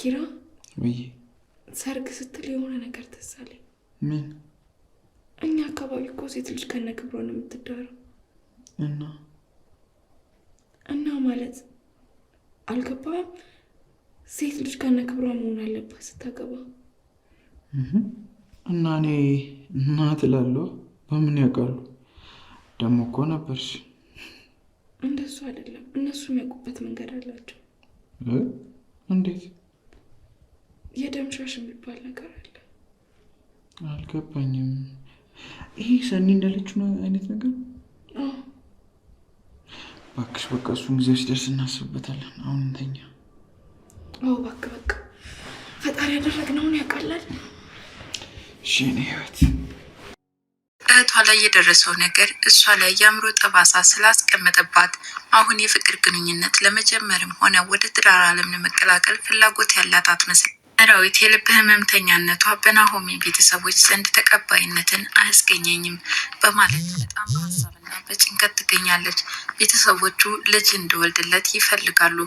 ኪራ ውይ ሰርግ ስትል የሆነ ነገር ተሳለኝ። ምን? እኛ አካባቢ እኮ ሴት ልጅ ከነ ክብሮ ነው የምትዳረው። እና እና ማለት አልገባም። ሴት ልጅ ከነ ክብሮ መሆን አለባት ስታገባ። እና እኔ እናት እላለሁ። በምን ያውቃሉ? ደሞ እኮ ነበርሽ። እንደሱ አይደለም። እነሱ የሚያውቁበት መንገድ አላቸው። እንዴት? የደምሻሽ የሚባል ነገር አለ። አልገባኝም። ይሄ ሰኒ እንዳለችው አይነት ነገር እባክሽ። በቃ እሱን ጊዜ ሲደርስ እናስብበታለን። አሁን እንተኛ። አዎ እባክህ በቃ ፈጣሪ ያደረግነውን ያውቃላል። እሺ የእኔ ህይወት እህቷ ላይ የደረሰው ነገር እሷ ላይ የአእምሮ ጠባሳ ስላስቀመጠባት አሁን የፍቅር ግንኙነት ለመጀመርም ሆነ ወደ ትዳር ዓለም ለመቀላቀል ፍላጎት ያላት አትመስል። መራዊት የልብ ህመምተኛነቷ በናሆሚ ቤተሰቦች ዘንድ ተቀባይነትን አያስገኘኝም በማለት በጣም በሀሳብና በጭንቀት ትገኛለች። ቤተሰቦቹ ልጅ እንድወልድለት ይፈልጋሉ።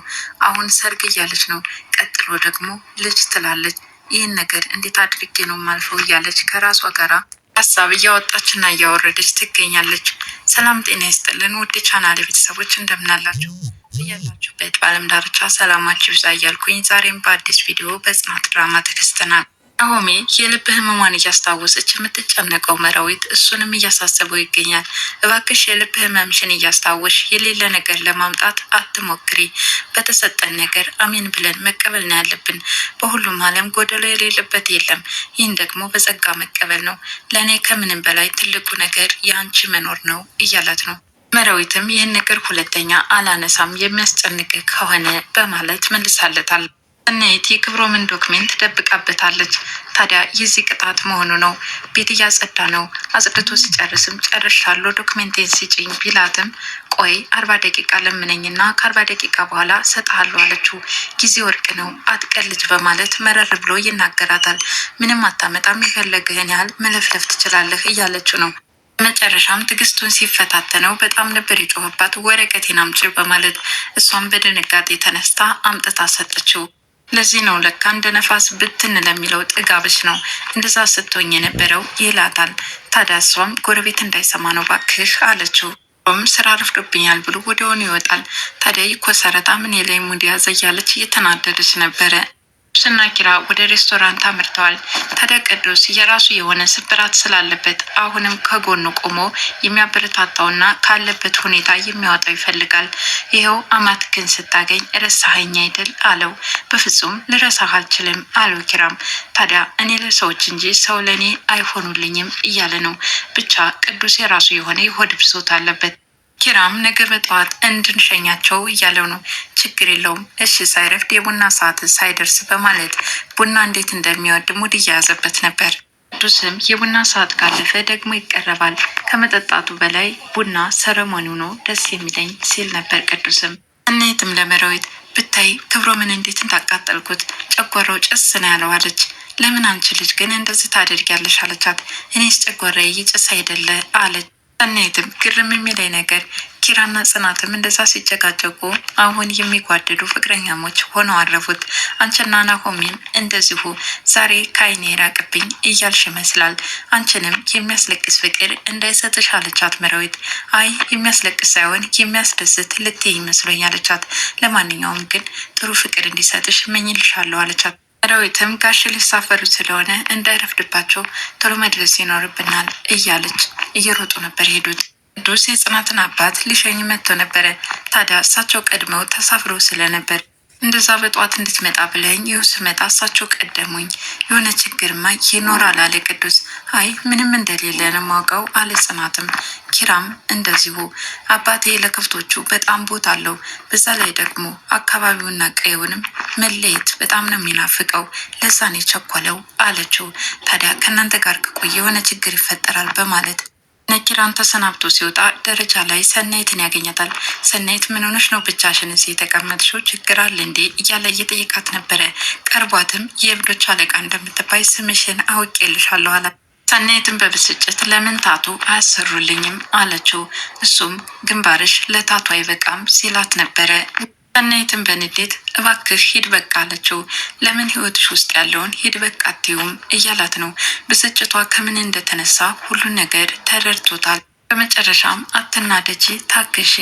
አሁን ሰርግ እያለች ነው፣ ቀጥሎ ደግሞ ልጅ ትላለች። ይህን ነገር እንዴት አድርጌ ነው ማልፈው እያለች ከራሷ ጋራ ሀሳብ እያወጣችና እያወረደች ትገኛለች። ሰላም ጤና ይስጥልን ውድ የቻናሌ ቤተሰቦች እንደምናላቸው እያላችሁበት በዓለም ዳርቻ ሰላማችሁ ይብዛ እያልኩኝ ዛሬም በአዲስ ቪዲዮ በጽናት ድራማ ተከስተና ናሆሜ የልብ ህመሟን እያስታወሰች የምትጨነቀው መራዊት እሱንም እያሳሰበው ይገኛል። እባክሽ የልብ ህመምሽን እያስታወሽ የሌለ ነገር ለማምጣት አትሞክሪ። በተሰጠን ነገር አሜን ብለን መቀበል ነው ያለብን። በሁሉም ዓለም ጎደሎ የሌለበት የለም። ይህን ደግሞ በጸጋ መቀበል ነው። ለእኔ ከምንም በላይ ትልቁ ነገር የአንቺ መኖር ነው እያላት ነው መራዊትም ይህን ነገር ሁለተኛ አላነሳም የሚያስጨንቅ ከሆነ በማለት መልሳለታል። እናየት የክብሮምን ዶክሜንት ደብቃበታለች። ታዲያ የዚህ ቅጣት መሆኑ ነው። ቤት እያጸዳ ነው። አጽድቶ ሲጨርስም ጨርሻለሁ ዶክሜንቴን ሲጭኝ ቢላትም ቆይ አርባ ደቂቃ ለምነኝና ከአርባ ደቂቃ በኋላ ሰጥሃለሁ አለችው። ጊዜ ወርቅ ነው አትቀልጅ በማለት መረር ብሎ ይናገራታል። ምንም አታመጣም የፈለግህን ያህል መለፍለፍ ትችላለህ እያለችው ነው መጨረሻም ትግስቱን ሲፈታተነው በጣም ነበር የጮኸባት። ወረቀቴን አምጪ በማለት እሷን በድንጋጤ ተነስታ አምጥታ ሰጠችው። ለዚህ ነው ለካ እንደ ነፋስ ብትን ለሚለው ጥጋብሽ ነው እንደዛ ስትሆኝ የነበረው ይላታል። ታዲያ እሷም ጎረቤት እንዳይሰማ ነው ባክህ አለችው። ም ስራ ረፍዶብኛል ብሎ ወደሆኑ ይወጣል። ታዲያ ይኮሰረታ ምን የላይ ሙዲያ ዘያለች እየተናደደች ነበረ። ቅዱስና ኪራ ወደ ሬስቶራንት አምርተዋል። ታዲያ ቅዱስ የራሱ የሆነ ስብራት ስላለበት አሁንም ከጎኑ ቆሞ የሚያበረታታውና ካለበት ሁኔታ የሚያወጣው ይፈልጋል። ይኸው ግን ስታገኝ ረሳኸኝ አይደል አለው። በፍጹም ልረሳህ አልችልም አለው ኪራም። ታዲያ እኔ ለሰዎች እንጂ ሰው ለእኔ አይሆኑልኝም እያለ ነው። ብቻ ቅዱስ የራሱ የሆነ የሆድ ብሶት አለበት። ኪራም ነገ በጠዋት እንድንሸኛቸው እያለው ነው። ችግር የለውም እሺ፣ ሳይረፍድ የቡና ሰዓት ሳይደርስ በማለት ቡና እንዴት እንደሚወድ ሙድ እየያዘበት ነበር። ቅዱስም የቡና ሰዓት ካለፈ ደግሞ ይቀረባል፣ ከመጠጣቱ በላይ ቡና ሰረሞኒው ነው ደስ የሚለኝ ሲል ነበር። ቅዱስም እኔትም ለመራዊት ብታይ ክብሮ ምን እንዴት እንዳቃጠልኩት ጨጓራው ጭስ ነው ያለው አለች። ለምን አንቺ ልጅ ግን እንደዚህ ታደርጊያለሽ? አለቻት። እኔስ ጨጓራዬ ይጭስ አይደለ አለች። እናትም ግርም የሚለኝ ነገር ኪራና ጽናትም እንደዛ ሲጨቃጨቁ አሁን የሚጓደዱ ፍቅረኛሞች ሆነው አረፉት። አንቺና ናሆሚም እንደዚሁ ዛሬ ከአይኔ ራቅብኝ እያልሽ ይመስላል። አንቺንም የሚያስለቅስ ፍቅር እንዳይሰጥሽ አለቻት መራዊት። አይ የሚያስለቅስ ሳይሆን የሚያስደስት ልትይ ይመስሎኝ አለቻት። ለማንኛውም ግን ጥሩ ፍቅር እንዲሰጥሽ እመኝልሻለሁ አለቻት። ዳዊትም ጋሽ ሊሳፈሩ ስለሆነ እንዳይረፍድባቸው ቶሎ መድረስ ይኖርብናል እያለች እየሮጡ ነበር ሄዱት። ቅዱስ የጽናትን አባት ሊሸኝ መጥቶ ነበረ። ታዲያ እሳቸው ቀድመው ተሳፍረው ስለነበር እንደዛ በጠዋት እንድትመጣ ብለኝ ይኸው ስመጣ እሳቸው ቀደሙኝ። የሆነ ችግርማ ይኖራል አለ ቅዱስ። አይ ምንም እንደሌለ ነው የማውቀው አለ ጽናትም። ኪራም እንደዚሁ አባቴ ለከብቶቹ በጣም ቦታ አለው። በዛ ላይ ደግሞ አካባቢውና ቀየውንም መለየት በጣም ነው የሚናፍቀው። ለዛን ቸኮለው አለችው። ታዲያ ከእናንተ ጋር ከቆየ የሆነ ችግር ይፈጠራል በማለት ነኪራን ተሰናብቶ ሲወጣ ደረጃ ላይ ሰናይትን ያገኛታል። ሰናይት ምን ሆነሽ ነው ብቻሽን እዚህ የተቀመጥሽው? ችግር አለ እንዴ? እያለ እየጠየቃት ነበረ። ቀርቧትም የእብዶች አለቃ እንደምትባይ ስምሽን አውቄልሻለሁ አላት። ሰናይትን በብስጭት ለምን ታቱ አያሰሩልኝም አለችው። እሱም ግንባርሽ ለታቱ አይበቃም ሲላት ነበረ። ሰናይትን በንዴት እባክህ ሂድ በቃ አለችው። ለምን ህይወትሽ ውስጥ ያለውን ሂድ በቃ አትይውም እያላት ነው። ብስጭቷ ከምን እንደተነሳ ሁሉን ነገር ተረድቶታል። በመጨረሻም አትናደጂ፣ ታገሺ፣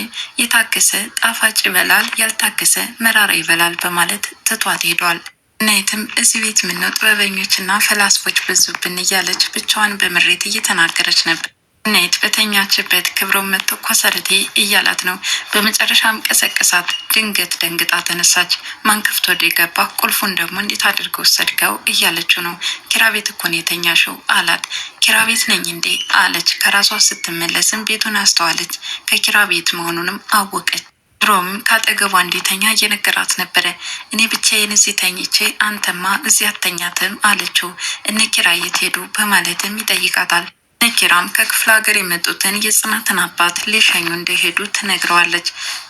የታገሰ ጣፋጭ ይበላል፣ ያልታገሰ መራራ ይበላል በማለት ትቷት ሄዷል። ሰናይትም እዚህ ቤት ምነው ጥበበኞችና ፈላስፎች ብዙብን እያለች ብቻዋን በምሬት እየተናገረች ነበር። እናይት በተኛችበት ክብሮም መጥቶ ኮሰረቴ እያላት ነው። በመጨረሻም ቀሰቀሳት። ድንገት ደንግጣ ተነሳች። ማንከፍቶ ወደ ገባ ቁልፉን ደግሞ እንዴት አድርገው ሰድገው እያለችው ነው። ኪራ ቤት እኮን የተኛሽው አላት። ኪራ ቤት ነኝ እንዴ አለች። ከራሷ ስትመለስም ቤቱን አስተዋለች። ከኪራ ቤት መሆኑንም አወቀች። ድሮም ከአጠገቧ እንዲተኛ እየነገራት ነበረ። እኔ ብቻዬን እዚህ ተኝቼ አንተማ እዚህ አተኛትም አለችው። እነ ኪራ የት ሄዱ በማለትም ይጠይቃታል። ነኪራም ከክፍለ ሀገር የመጡትን የጽናትን አባት ሊሸኙ እንደሄዱ ትነግረዋለች።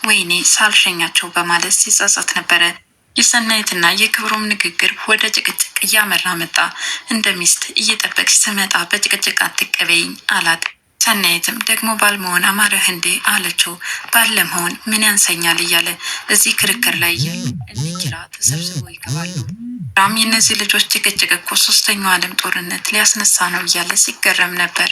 ወይኔ ሳልሸኛቸው በማለት ሲጸጸት ነበረ። የሰናይትና የክብሩም ንግግር ወደ ጭቅጭቅ እያመራ መጣ። እንደ ሚስት እየጠበቅ ስመጣ በጭቅጭቅ አትቀበይኝ አላት። ሰናይትም ደግሞ ባልመሆን አማረህ እንዴ አለችው። ባለመሆን ምን ያንሰኛል እያለ እዚህ ክርክር ላይ ኪራ ተሰብስቦ ይገባሉ። ራም የእነዚህ ልጆች ጭቅጭቅ እኮ ሶስተኛው ዓለም ጦርነት ሊያስነሳ ነው እያለ ሲገረም ነበር።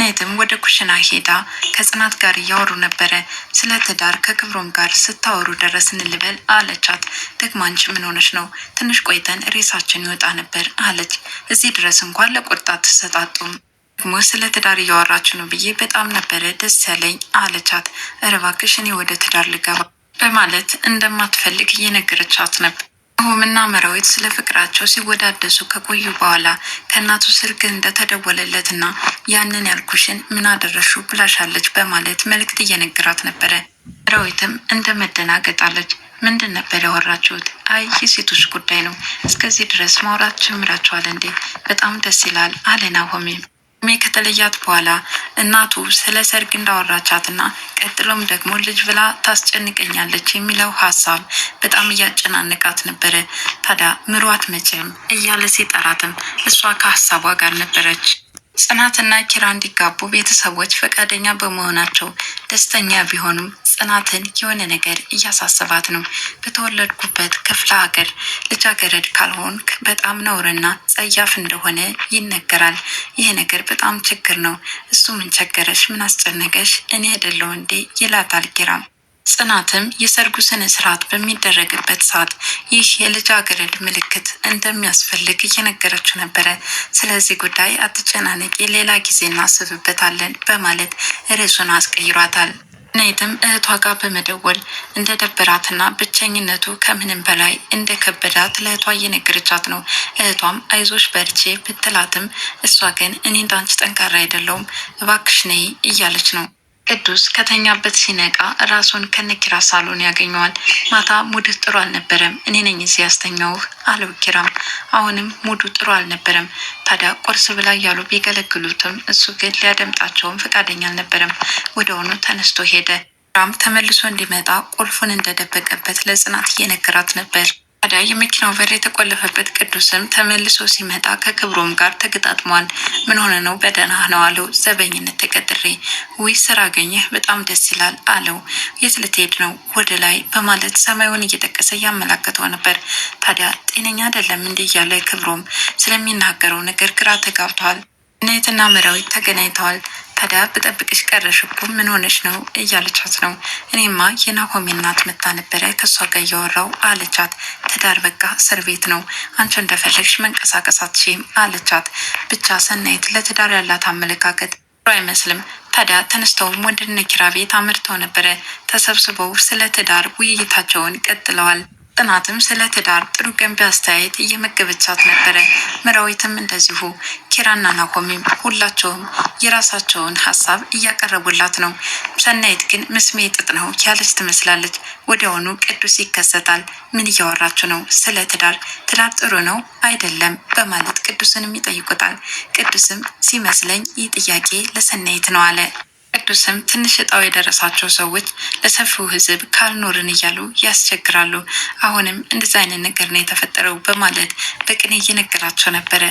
ነትም ወደ ኩሽና ሄዳ ከጽናት ጋር እያወሩ ነበረ። ስለ ትዳር ከክብሮም ጋር ስታወሩ ደረስን ልበል አለቻት። ደግሞ አንቺ ምን ሆነች ነው? ትንሽ ቆይተን ሬሳችን ይወጣ ነበር አለች። እዚህ ድረስ እንኳን ለቆርጣት ተሰጣጡም ደግሞ ስለ ትዳር እያወራችሁ ነው ብዬ በጣም ነበረ ደስ ያለኝ አለቻት። እባክሽ እኔ ወደ ትዳር ልገባ በማለት እንደማትፈልግ እየነገረቻት ነበር። ሆምና መራዊት ስለ ፍቅራቸው ሲወዳደሱ ከቆዩ በኋላ ከእናቱ ስልክ እንደተደወለለትና ያንን ያልኩሽን ምን አደረሹ ብላሻለች በማለት መልእክት እየነገራት ነበረ። መራዊትም እንደ መደናገጣለች። ምንድን ነበር ያወራችሁት? አይ የሴቶች ጉዳይ ነው። እስከዚህ ድረስ ማውራት ጀምራችኋል እንዴ? በጣም ደስ ይላል አለና ሆሜም ሜ ከተለያት በኋላ እናቱ ስለ ሰርግ እንዳወራቻትና ቀጥሎም ደግሞ ልጅ ብላ ታስጨንቀኛለች የሚለው ሀሳብ በጣም እያጨናነቃት ነበረ። ታዲያ ምሯት መቼም እያለ ሲጠራትም እሷ ከሀሳቧ ጋር ነበረች። ጽናትና ኪራ እንዲጋቡ ቤተሰቦች ፈቃደኛ በመሆናቸው ደስተኛ ቢሆኑም ጽናትን የሆነ ነገር እያሳሰባት ነው። በተወለድኩበት ክፍለ ሀገር ልጃገረድ ካልሆንክ በጣም ነውርና ጸያፍ እንደሆነ ይነገራል። ይህ ነገር በጣም ችግር ነው። እሱ ምን ቸገረሽ? ምን አስጨነቀሽ? እኔ አይደለሁ እንዴ? ይላታል ኪራም ጽናትም የሰርጉ ስነ ስርዓት በሚደረግበት ሰዓት ይህ የልጃገረድ ምልክት እንደሚያስፈልግ እየነገረችው ነበረ። ስለዚህ ጉዳይ አትጨናነቂ፣ ሌላ ጊዜ እናስብበታለን በማለት ርዕሱን አስቀይሯታል። ናይትም እህቷ ጋር በመደወል እንደ ደበራትና ብቸኝነቱ ከምንም በላይ እንደ ከበዳት ለእህቷ እየነገረቻት ነው። እህቷም አይዞሽ በርቼ ብትላትም እሷ ግን እኔ እንዳንቺ ጠንካራ አይደለውም እባክሽ ነይ እያለች ነው። ቅዱስ ከተኛበት ሲነቃ ራሱን ከነኪራ ሳሎን ያገኘዋል። ማታ ሙድ ጥሩ አልነበረም፣ እኔ ነኝ እዚህ ያስተኛውህ አለው ኪራም። አሁንም ሙዱ ጥሩ አልነበረም። ታዲያ ቁርስ ብላ እያሉ ቢገለግሉትም እሱ ግን ሊያደምጣቸውም ፈቃደኛ አልነበረም። ወደሆኑ ተነስቶ ሄደ። ራም ተመልሶ እንዲመጣ ቁልፉን እንደደበቀበት ለጽናት እየነገራት ነበር። ታዲያ የመኪናው በር የተቆለፈበት ቅዱስም ተመልሶ ሲመጣ ከክብሮም ጋር ተገጣጥሟል። ምን ሆነ ነው? በደህና ነው አለው። ዘበኝነት ተቀጥሬ፣ ውይ ስራ አገኘህ በጣም ደስ ይላል አለው። የት ልትሄድ ነው? ወደ ላይ በማለት ሰማዩን እየጠቀሰ እያመላከተው ነበር። ታዲያ ጤነኛ አይደለም እንዲህ እያለ ክብሮም ስለሚናገረው ነገር ግራ ተጋብቷል። ናይትና መራዊት ተገናኝተዋል። ታዲያ ብጠብቅሽ ቀረሽ እኮ ምን ሆነሽ ነው እያለቻት ነው። እኔማ የናሆሚ እናት መታ ነበረ ከእሷ ጋር እያወራው አለቻት። ትዳር በቃ እስር ቤት ነው፣ አንቺ እንደፈለግሽ መንቀሳቀሳት አትችይም አለቻት። ብቻ ሰናይት ለትዳር ያላት አመለካከት አይመስልም። ታዲያ ተነስተውም ወደ እነ ኪራ ቤት አምርተው ነበረ። ተሰብስበው ስለ ትዳር ውይይታቸውን ቀጥለዋል። ጽናትም ስለ ትዳር ጥሩ ገንቢ አስተያየት እየመገበቻት ነበረ። መራዊትም እንደዚሁ። ኪራና ናሆሚም ሁላቸውም የራሳቸውን ሀሳብ እያቀረቡላት ነው። ሰናይት ግን ምስሜ ጥጥ ነው ያለች ትመስላለች። ወዲያውኑ ቅዱስ ይከሰታል። ምን እያወራችሁ ነው? ስለ ትዳር ትዳር ጥሩ ነው አይደለም በማለት ቅዱስንም ይጠይቁታል። ቅዱስም ሲመስለኝ ይህ ጥያቄ ለሰናይት ነው አለ። ቅዱስም ትንሽ እጣው የደረሳቸው ሰዎች ለሰፊው ህዝብ ካልኖርን እያሉ ያስቸግራሉ። አሁንም እንደዚ አይነት ነገር ነው የተፈጠረው በማለት በቅኔ እየነገራቸው ነበረ።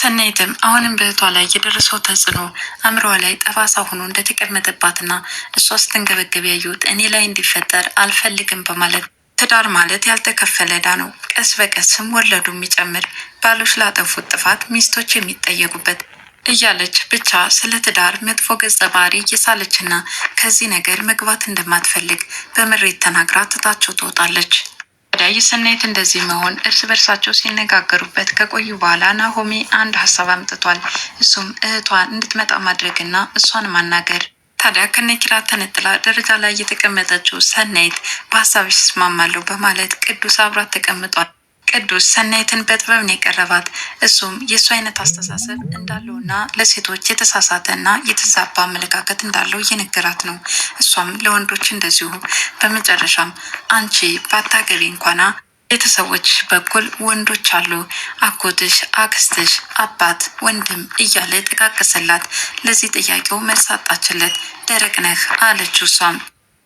ሰናይትም አሁንም በእህቷ ላይ የደረሰው ተጽዕኖ አእምሯ ላይ ጠባሳ ሆኖ እንደተቀመጠባትና እሷ ስትንገበገብ ያዩት እኔ ላይ እንዲፈጠር አልፈልግም በማለት ትዳር ማለት ያልተከፈለ ዕዳ ነው። ቀስ በቀስም ወለዱ የሚጨምር ባሎች ላጠፉት ጥፋት ሚስቶች የሚጠየቁበት እያለች ብቻ ስለ ትዳር መጥፎ ገጸ ባህሪ እየሳለችና ከዚህ ነገር መግባት እንደማትፈልግ በምሬት ተናግራ ትታቸው ትወጣለች። ታዲያ ሰናይት እንደዚህ መሆን እርስ በርሳቸው ሲነጋገሩበት ከቆዩ በኋላ ናሆሚ አንድ ሀሳብ አምጥቷል። እሱም እህቷን እንድትመጣ ማድረግና እሷን ማናገር። ታዲያ ከነኪራ ተነጥላ ደረጃ ላይ የተቀመጠችው ሰናይት በሀሳብ ይስማማለሁ በማለት ቅዱስ አብራት ተቀምጧል። ቅዱስ ሰናይትን በጥበብ ነው የቀረባት። እሱም የእሱ አይነት አስተሳሰብ እንዳለውና ለሴቶች የተሳሳተና የተዛባ አመለካከት እንዳለው እየነገራት ነው። እሷም ለወንዶች እንደዚሁ። በመጨረሻም አንቺ ባታገቢ እንኳና ቤተሰቦች በኩል ወንዶች አሉ፣ አጎትሽ፣ አክስትሽ፣ አባት፣ ወንድም እያለ ጠቃቀሰላት። ለዚህ ጥያቄው መልስ አጣችለት። ደረቅ ነህ አለችው እሷም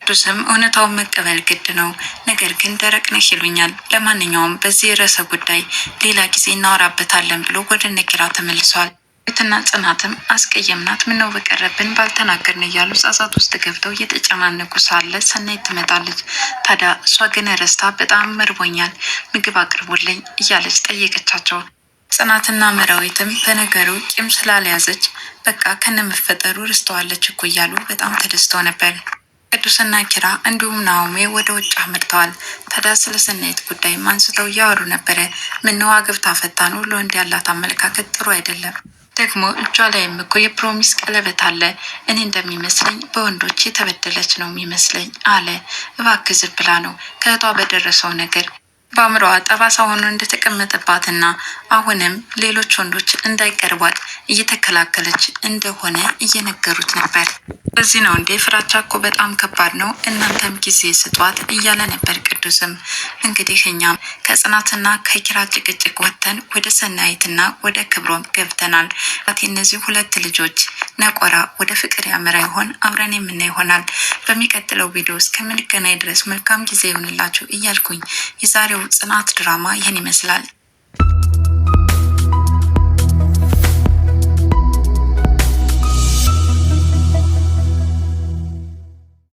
ቅዱስም እውነታውን መቀበል ግድ ነው፣ ነገር ግን ደረቅ ነ ይሉኛል። ለማንኛውም በዚህ ርዕሰ ጉዳይ ሌላ ጊዜ እናወራበታለን ብሎ ወደ ነጌራ ተመልሷል። ቤትና ጽናትም አስቀየምናት፣ ምነው በቀረብን ባልተናገርን እያሉ ጸጸት ውስጥ ገብተው እየተጨናነቁ ሳለ ሰናይ ትመጣለች። ታዲያ እሷ ግን ረስታ በጣም መርቦኛል፣ ምግብ አቅርቡልኝ እያለች ጠየቀቻቸው። ጽናትና መራዊትም በነገሩ ቂም ስላልያዘች በቃ ከነመፈጠሩ ርስተዋለች እኮ እያሉ በጣም ተደስተው ነበር። ቅዱስና ኪራ እንዲሁም ናኦሜ ወደ ውጭ አምርተዋል። ታዲያ ስለ ሰናይት ጉዳይም አንስተው እያወሩ ነበረ። ምነው አግብታ ፈታኑ ለወንድ ያላት አመለካከት ጥሩ አይደለም። ደግሞ እጇ ላይም እኮ የፕሮሚስ ቀለበት አለ። እኔ እንደሚመስለኝ በወንዶች የተበደለች ነው የሚመስለኝ አለ። እባክህ ዝም ብላ ነው ከእህቷ በደረሰው ነገር በአእምሮዋ ጠባሳ ሆኖ እንደተቀመጠባትና አሁንም ሌሎች ወንዶች እንዳይቀርቧት እየተከላከለች እንደሆነ እየነገሩት ነበር። እዚህ ነው እንዴ? ፍራቻ እኮ በጣም ከባድ ነው። እናንተም ጊዜ ስጧት እያለ ነበር ቅዱስም። እንግዲህ እኛም ከጽናትና ከኪራ ጭቅጭቅ ወጥተን ወደ ሰናይትና ወደ ክብሮም ገብተናል። እነዚህ ሁለት ልጆች ነቆራ ወደ ፍቅር ያመራ ይሆን? አብረን የምና ይሆናል። በሚቀጥለው ቪዲዮ እስከምንገናኝ ድረስ መልካም ጊዜ ይሆንላችሁ እያልኩኝ የዛሬው ጽናት ድራማ ይህን ይመስላል።